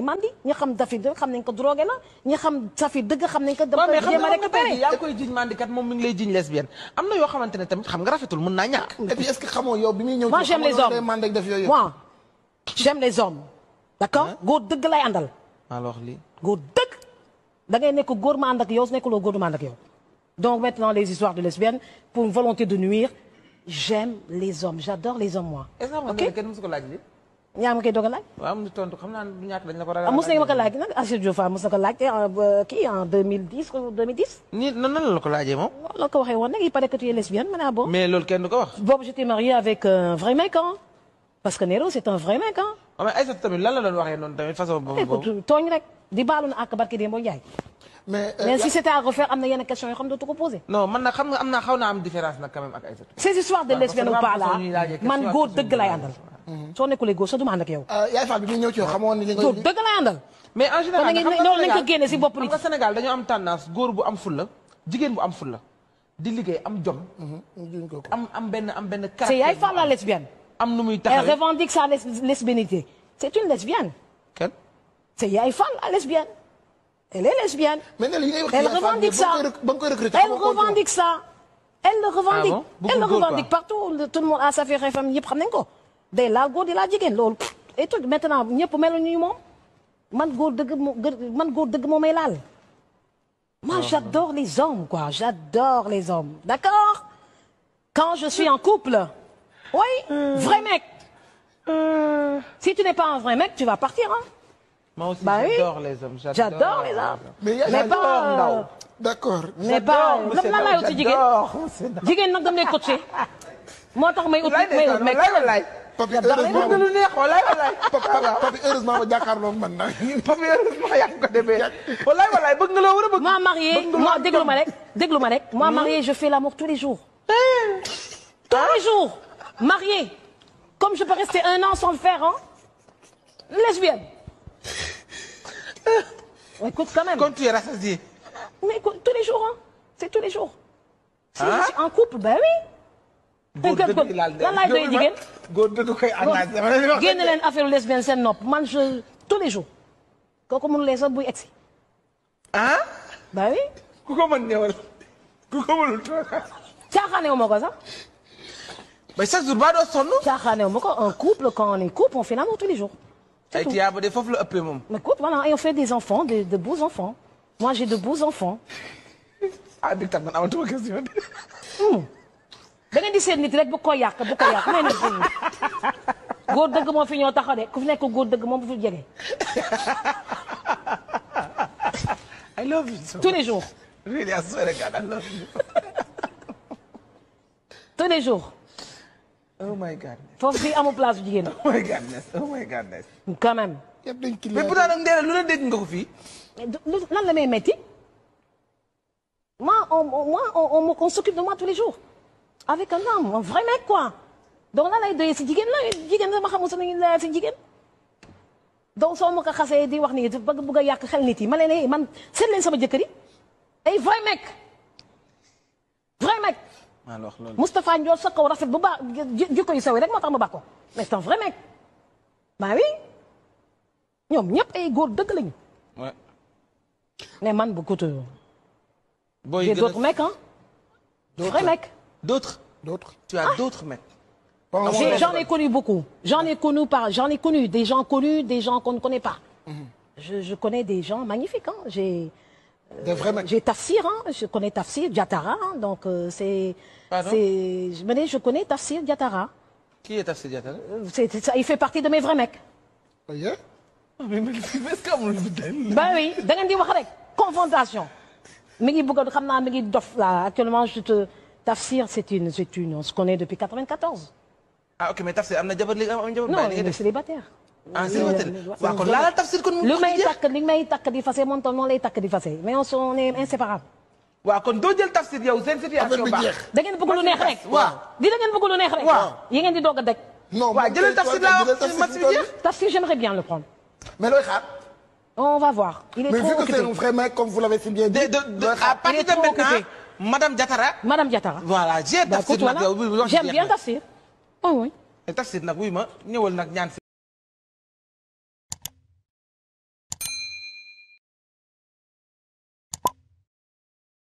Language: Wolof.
mandi ñi xam dafi xam nañ ko drogué xam safi dëgg xam nañ ko dama koy jéem a jiñ moom mi ngi lay jiñ lesbienne am na yoo xamante ne tamit xam nga rafetul mën naa ñàkk et puis les hommes d'accord góor dëgg lay àndal maa la wax lii góor dëgg da ngay nekk góor ma ànd ak yow su nekkuloo góor ma ànd ak yow donc maintenant les histoires de lesbiennes pour une volonté de nuire j'aime les hommes j'adore les hommes moi ñaa ma koy doog a laaj. waaw mu tontu xam naa du ñàkk dañ la ko ragal. Ah, mos nañu ma ko laaj nag Achille Diouf ah, mos na ko laaj ah, kii en 2010 ou 2010. nii nan nan la ko laajee moom. waaw la ko waxee woon nag il paraît que tu es lesbienne ma ne ah bon. mais loolu kenn du ko wax. boobu j'étais mariée avec un vrai mec ah. parce que Nero c'est un vrai mec ah. waaw mais Aïssatou tamit lan la doon waxee noonu tamit façon boobu. écoute tooñ rek di baalu na ak barki Demba Ndiaye. mais euh, mais si c'était à refaire am na yenn questions yoo xam ne dootu ko posé. non man nag xam nga am naa xaw naa am différence nag quand même ak Aïssatou. ces histoires de lesbienne ou pas là man góor dëgg lay àndal Mm-hmm. soo nekkulee góor sax du ma ànd ak yow. Euh, yaay Fall bi muy ñëw ci xamoon ni li nga. dëgg laa en général xam nga Sénégal ko génne si bopp nit. am tendance góor am am di liggéey am jom. Mm-hmm. am benn am benn caractère. c'est am nu muy taxawee elle revendique sa lesbiennité c'est une lesbienne. kenn. c'est yaay Fall la lesbienne. elle est lesbienne. mais ne la yi ngay wax yaay Fall ba nga koy recruter elle revendique ça. elle le revendique. Ah elle revendique partout tout le monde a sa famille yëpp xam nañ ko. day la góor di laal jigéen loolu et eh, tout maintenant ñëpp meluñu ñu moom man góor dëgg moo man dëgg moo may laal. moi ah, j'adore les hommes quoi j'adore les hommes d'accord quand je suis en couple. oui hmm. vrai mec. Hmm. si tu n'es pas un vrai mec tu vas partir j'adore les hommes mais y a mais pas euh, d'accord. mais pas euh, lan la laayoo ci jigéen jigéen nag dama lay coacher. moo tax may ut may ut papi heureusement da lu neex walaay walaay. papi heureusement ma jàkkaarloog man nag. papi heureusement yaa ko demee. walaay walaay bëgg nga loo war a bëgg. moi marié moi déglu ma rek déglu ma rek. moi hmm? marié je fais l'amour tous les jours. Eh. tous les ah. jours marié comme je peux rester un an sans le faire hein lesbienne. Ouais, eh. écoute quand même. Quand tu es rassasiée. mais tous les jours hein c'est tous les jours. si ah. je suis en couple ben oui. góor dëgg góor lan laay doy jigéen góor dëgg koy engagé dama leen wax génn leen affaire lesbienne seen nopp man je tous les jours kooku mënu lee sax buy egsi. ah. ba oui. ku ko mën ñëwal ku ko mënul toog. caaxaane wu ma ko sax. mais chaque jour ba doo sonn. caaxaane wu ma ko un couple quand on est couple on fait l'amour tous les jours. ay tiyaaba de foofu la ëppee moom. mais écoute voilà et on fait des enfants de de beaux enfants moi j'ai de beaux enfants. ah bi tam man amatuma question. Hmm. da ngeen di seen nit rek bu ko yàq bu ko yàq nee na góor dëgg moo fi ku fi nekk góor dëgg moom bu I love you so tous les jours. tous les jours. oh my God. foofu fii amul place bu jigéen. oh my goodness oh lu la dégg nga eh, la may metti moi on s'occupe de moi tous les jours. avec a homme un vrai mec quoi donc lan lay doyee si jigéen la jigéen dama xamul sax nañu la si jigéen donc soo ma ko xasee di wax nii bëgg bëgg a yàq xel nit yi ma leen eh, man seet leen sama jëkkër yi ay vrai mec vrai mec Moustapha Ndiol sa kaw rafet bu baax jikko yu saw rek moo tax ma baax ko mais c'est un vrai mec maa wi ñoom ñëpp ay góor dëgg lañu. waaw. man bu gudd. booy gën a des D'autres D'autres. Tu as ah. d'autres maîtres. J'en ai connu beaucoup. J'en ai connu des gens connus, des gens qu'on ne connaît pas. Mm -hmm. Je je connais des gens magnifiques hein. J'ai euh, Tafsir je connais Tafsir Diatara donc euh, c'est je connais Tafsir Diatara. Euh, il fait partie de mes vrais mecs. Oh oui, da ngeen di wax rek confrontation. mi ngi bëgg actuellement je te Tafsir c'est une c'est une on se connaît depuis 94. ah ok mais Tafsir non célibataire. Ah, célibataire waaw kon laala fase moom tam noonu lay fase mais on est inséparables. waaw kon doo jël Tafsir yow seen situation baax da ngeen bëgg lu neex rek. di da ngeen bëgg lu neex rek. waaw di doog a non waaw jëlal Tafsir laa wax match bi jeex. Tafsir j'aimerais bien le prendre. mais looy xaar. on va voir. il est trop occupé mais vu que c'est vraiment comme vous l'avez si bien dit. de madame Diatara. madame Diatara. voilà j'ai tafsir nag yow. Euh, j'aime bien tafsir. oui oui. Eh, ma ñëwal nag ñaan